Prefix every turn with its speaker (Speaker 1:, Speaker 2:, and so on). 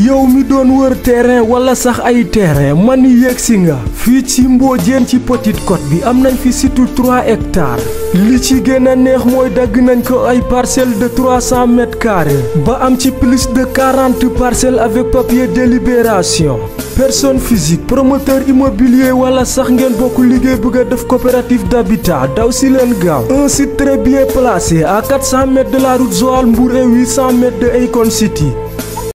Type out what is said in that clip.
Speaker 1: yow mi doon wër terrain wala sax ay terrain man yegg si nga fii ci mboo Mbodiène ci Petite Côte bi am nañ fi surtout 3 hectares li ci gën a neex mooy dagg nañ ko ay parcelles de 300 mètres carrés ba am ci plus de 40 parcelles avec papier délibération personne physique promoteur immobilier wala sax ngeen bokk liggéey bëgg a def coopérative d'habitat daw si leen gaaw un site très bien placé à 400 mètres de la route Joal Mbour et 800 mètres de Akon City